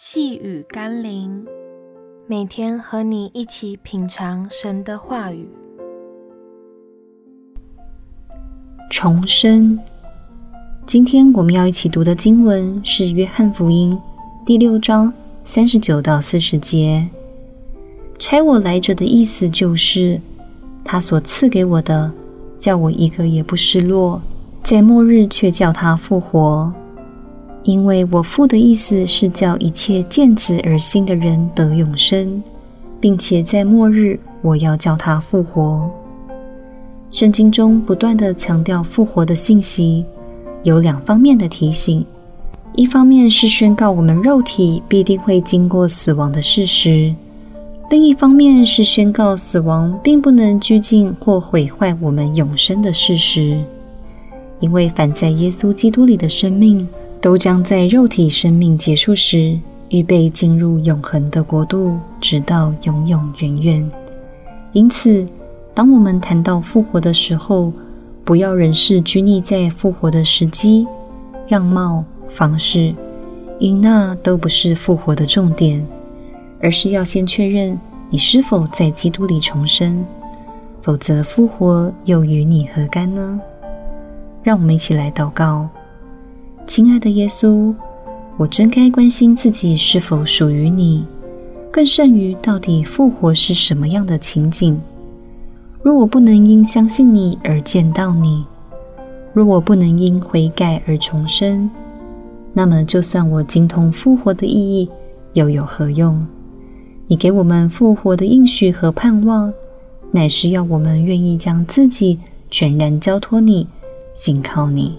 細語甘霖，每天和你一起品嘗神的話語。重生。今天我們要一起讀的經文是《約翰福音》第六章三十九到四十節。差我來者的意思就是，他所賜給我的，叫我一個也不失落，在末日卻叫他復活。因為我父的意思是叫一切見子而信的人得永生，並且在末日我要叫他復活。聖經中不斷地強調復活的信息，有兩方面的提醒：一方面是宣告我們肉體必定會經過死亡的事實；另一方面是宣告死亡並不能拘禁或毀壞我們永生的事實，因為凡在耶穌基督裡的生命，都將在肉體生命結束時預備進入永恆的國度，直到永永遠遠。因此，當我們談到復活的時候，不要仍是拘泥在復活的時機、樣貌、方式，因那都不是復活的重點，而是要先確認你是否在基督裡重生。否則，復活又與你何干呢？讓我們一起來禱告。親愛的耶穌，我真該關心自己是否屬於你，更勝於到底復活是什麼樣的情景。若我不能因相信你而見到你，若我不能因悔改而重生，那麼就算我精通復活的意義，又有何用？你給我們復活的應許和盼望，乃是要我們願意將自己全然交托你，信靠你。